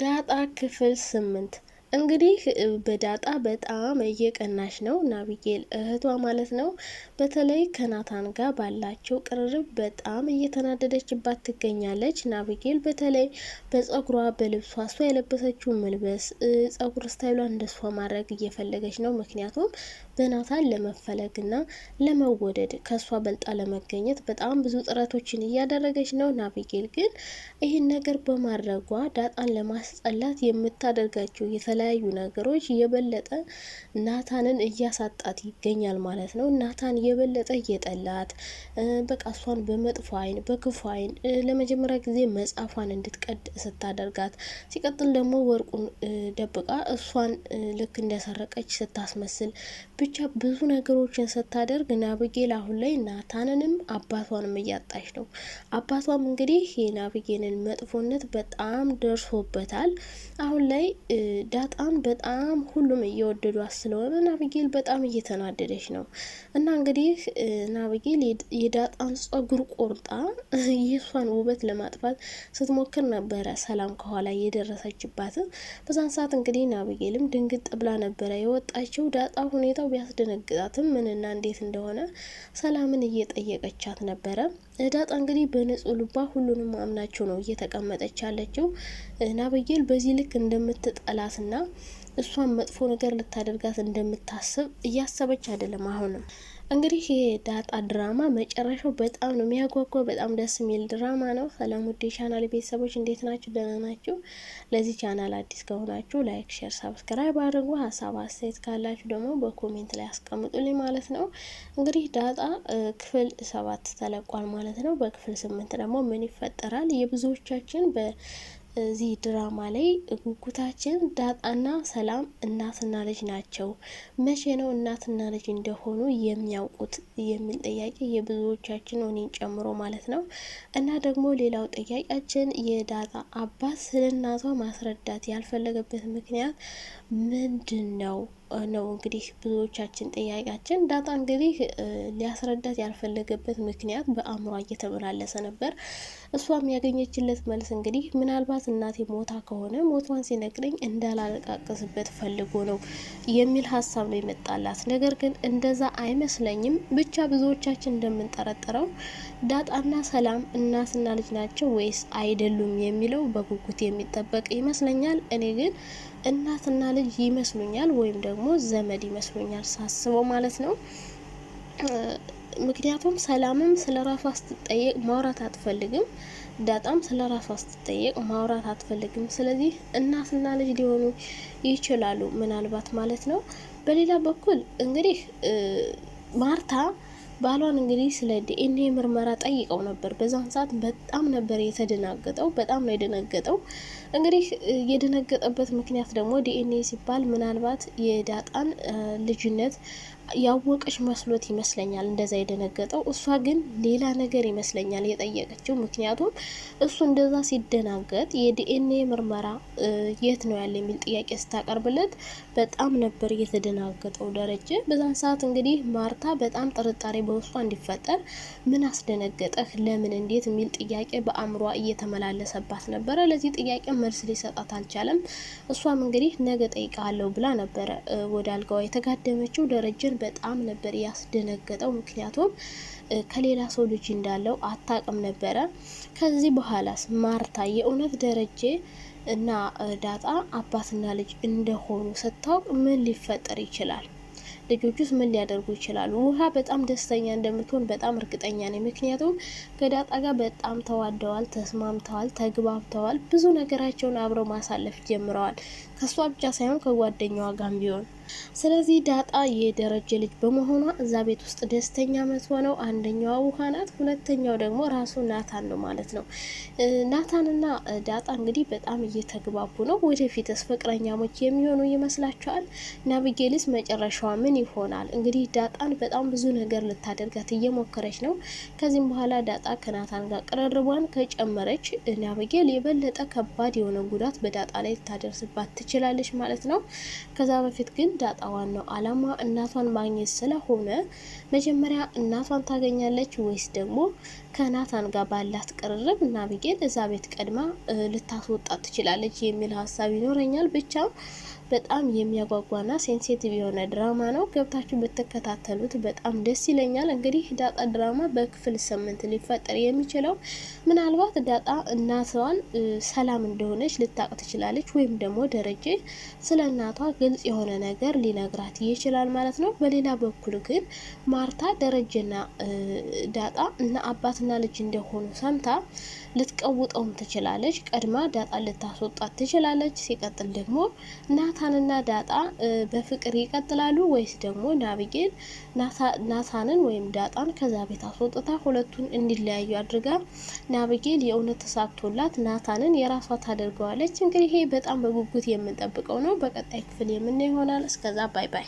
ዳጣ ክፍል ስምንት እንግዲህ በዳጣ በጣም እየቀናሽ ነው ናቢጌል እህቷ ማለት ነው። በተለይ ከናታን ጋር ባላቸው ቅርርብ በጣም እየተናደደችባት ትገኛለች። ናቢጌል በተለይ በጸጉሯ፣ በልብሷ እሷ የለበሰችው መልበስ፣ ጸጉር ስታይሏ እንደሷ ማድረግ እየፈለገች ነው። ምክንያቱም በናታን ለመፈለግና ለመወደድ ከእሷ በልጣ ለመገኘት በጣም ብዙ ጥረቶችን እያደረገች ነው። ናቢጌል ግን ይህን ነገር በማድረጓ ዳጣን ለማስጠላት የምታደርጋቸው የተለ በተለያዩ ነገሮች የበለጠ ናታንን እያሳጣት ይገኛል ማለት ነው። ናታን የበለጠ እየጠላት በቃ እሷን በመጥፎ አይን በክፉ አይን ለመጀመሪያ ጊዜ መጽሐፏን እንድትቀድ ስታደርጋት፣ ሲቀጥል ደግሞ ወርቁን ደብቃ እሷን ልክ እንደሰረቀች ስታስመስል፣ ብቻ ብዙ ነገሮችን ስታደርግ ናብጌል አሁን ላይ ናታንንም አባቷንም እያጣች ነው። አባቷም እንግዲህ የናብጌልን መጥፎነት በጣም ደርሶበታል። አሁን ላይ ዳ በጣም በጣም ሁሉም እየወደዷት ስለሆነ ናብጌል በጣም እየተናደደች ነው። እና እንግዲህ ናብጌል የዳጣን ጸጉር ቆርጣ የእሷን ውበት ለማጥፋት ስትሞክር ነበረ ሰላም ከኋላ የደረሰችባትን። በዛን ሰዓት እንግዲህ ናብጌልም ድንግጥ ብላ ነበረ የወጣችው። ዳጣ ሁኔታው ቢያስደነግጣትም ምንና እንዴት እንደሆነ ሰላምን እየጠየቀቻት ነበረ። እዳጣ እንግዲህ በንጹህ ልቧ ሁሉንም አምናቸው ነው እየተቀመጠች ያለችው። ናበየል በዚህ ልክ እንደምትጠላትና እሷን መጥፎ ነገር ልታደርጋት እንደምታስብ እያሰበች አይደለም አሁንም እንግዲህ ዳጣ ድራማ መጨረሻው በጣም ነው የሚያጓጓ። በጣም ደስ የሚል ድራማ ነው። ሰላም ውድ የቻናል ቤተሰቦች እንዴት ናችሁ? ደህና ናችሁ? ለዚህ ቻናል አዲስ ከሆናችሁ ላይክ፣ ሼር፣ ሰብስክራይብ አድርጉ። ሀሳብ አስተያየት ካላችሁ ደግሞ በኮሜንት ላይ አስቀምጡልኝ ማለት ነው። እንግዲህ ዳጣ ክፍል ሰባት ተለቋል ማለት ነው። በክፍል ስምንት ደግሞ ምን ይፈጠራል የብዙዎቻችን በ እዚህ ድራማ ላይ ጉጉታችን ዳጣና ሰላም እናትና ልጅ ናቸው። መቼ ነው እናትና ልጅ እንደሆኑ የሚያውቁት የሚል ጥያቄ የብዙዎቻችን እኔን ጨምሮ ማለት ነው። እና ደግሞ ሌላው ጥያቄያችን የዳጣ አባት ስለ እናቷ ማስረዳት ያልፈለገበት ምክንያት ምንድን ነው? ነው እንግዲህ ብዙዎቻችን ጥያቄያችን። ዳጣ እንግዲህ ሊያስረዳት ያልፈለገበት ምክንያት በአእምሯ እየተመላለሰ ነበር። እሷም ያገኘችለት መልስ እንግዲህ ምናልባት እናቴ ሞታ ከሆነ ሞቷን ሲነግረኝ እንዳላለቃቀስበት ፈልጎ ነው የሚል ሀሳብ ነው የመጣላት። ነገር ግን እንደዛ አይመስለኝም። ብቻ ብዙዎቻችን እንደምንጠረጠረው ዳጣና ሰላም እናትና ልጅ ናቸው ወይስ አይደሉም የሚለው በጉጉት የሚጠበቅ ይመስለኛል። እኔ ግን እናትና ልጅ ይመስሉኛል ወይም ደግሞ ደግሞ ዘመድ ይመስሎኛል ሳስበው ማለት ነው። ምክንያቱም ሰላምም ስለ ራሷ ስትጠየቅ ማውራት አትፈልግም፣ ዳጣም ስለ ራሷ ስትጠየቅ ማውራት አትፈልግም። ስለዚህ እናትና ልጅ ሊሆኑ ይችላሉ ምናልባት ማለት ነው። በሌላ በኩል እንግዲህ ማርታ ባሏን እንግዲህ ስለ ዲኤንኤ ምርመራ ጠይቀው ነበር። በዛን ሰዓት በጣም ነበር የተደናገጠው፣ በጣም ነው የደነገጠው። እንግዲህ የደነገጠበት ምክንያት ደግሞ ዲኤንኤ ሲባል ምናልባት የዳጣን ልጅነት ያወቀች መስሎት ይመስለኛል እንደዛ የደነገጠው። እሷ ግን ሌላ ነገር ይመስለኛል የጠየቀችው። ምክንያቱም እሱ እንደዛ ሲደናገጥ የዲኤንኤ ምርመራ የት ነው ያለ የሚል ጥያቄ ስታቀርብለት በጣም ነበር የተደናገጠው ደረጀ። በዛን ሰዓት እንግዲህ ማርታ በጣም ጥርጣሬ በውስጧ እንዲፈጠር ምን አስደነገጠህ፣ ለምን፣ እንዴት የሚል ጥያቄ በአእምሯ እየተመላለሰባት ነበረ። ለዚህ ጥያቄ መልስ ሊሰጣት አልቻለም። እሷም እንግዲህ ነገ ጠይቃለሁ ብላ ነበረ ወደ አልጋዋ የተጋደመችው ደረጀን በጣም ነበር ያስደነገጠው። ምክንያቱም ከሌላ ሰው ልጅ እንዳለው አታቅም ነበረ። ከዚህ በኋላስ ማርታ የእውነት ደረጀ እና ዳጣ አባትና ልጅ እንደሆኑ ስታውቅ ምን ሊፈጠር ይችላል? ልጆቹስ ምን ሊያደርጉ ይችላሉ? ውሃ በጣም ደስተኛ እንደምትሆን በጣም እርግጠኛ ነኝ። ምክንያቱም ከዳጣ ጋር በጣም ተዋደዋል፣ ተስማምተዋል፣ ተግባብተዋል። ብዙ ነገራቸውን አብረው ማሳለፍ ጀምረዋል። ከእሷ ብቻ ሳይሆን ከጓደኛዋ ጋር ቢሆን ስለዚህ ዳጣ የደረጀ ልጅ በመሆኗ እዛ ቤት ውስጥ ደስተኛ ሆነው አንደኛዋ ውሃ ናት፣ ሁለተኛው ደግሞ ራሱ ናታን ነው ማለት ነው። ናታንና ዳጣ እንግዲህ በጣም እየተግባቡ ነው። ወደፊትስ ፍቅረኛሞች የሚሆኑ ይመስላችኋል? ናብጌልስ መጨረሻዋ ምን ይሆናል? እንግዲህ ዳጣን በጣም ብዙ ነገር ልታደርጋት እየሞከረች ነው። ከዚህም በኋላ ዳጣ ከናታን ጋር ቅርርቧን ከጨመረች ናብጌል የበለጠ ከባድ የሆነ ጉዳት በዳጣ ላይ ልታደርስባት ትችላለች ማለት ነው። ከዛ በፊት ግን ዳጣ ዋናው አላማ እናቷን ማግኘት ስለሆነ መጀመሪያ እናቷን ታገኛለች ወይስ ደግሞ ከናታን ጋር ባላት ቅርርብ እና አቢጌል እዛ ቤት ቀድማ ልታስወጣት ትችላለች የሚል ሀሳብ ይኖረኛል ብቻ በጣም የሚያጓጓና ሴንሲቲቭ የሆነ ድራማ ነው። ገብታችሁ ብትከታተሉት በጣም ደስ ይለኛል። እንግዲህ ዳጣ ድራማ በክፍል ስምንት ሊፈጠር የሚችለው ምናልባት ዳጣ እናቷን ሰላም እንደሆነች ልታቅ ትችላለች፣ ወይም ደግሞ ደረጀ ስለ እናቷ ግልጽ የሆነ ነገር ሊነግራት ይችላል ማለት ነው። በሌላ በኩል ግን ማርታ ደረጀና ዳጣ እና አባትና ልጅ እንደሆኑ ሰምታ ልትቀውጠውም ትችላለች። ቀድማ ዳጣ ልታስወጣት ትችላለች። ሲቀጥል ደግሞ ናታንና ዳጣ በፍቅር ይቀጥላሉ ወይስ ደግሞ ናብጌል ናታንን ወይም ዳጣን ከዛ ቤት አስወጥታ ሁለቱን እንዲለያዩ አድርጋ ናብጌል የእውነት ተሳክቶላት ናታንን የራሷ ታደርገዋለች። እንግዲህ ይሄ በጣም በጉጉት የምንጠብቀው ነው። በቀጣይ ክፍል የምናየው ይሆናል። እስከዛ ባይ ባይ።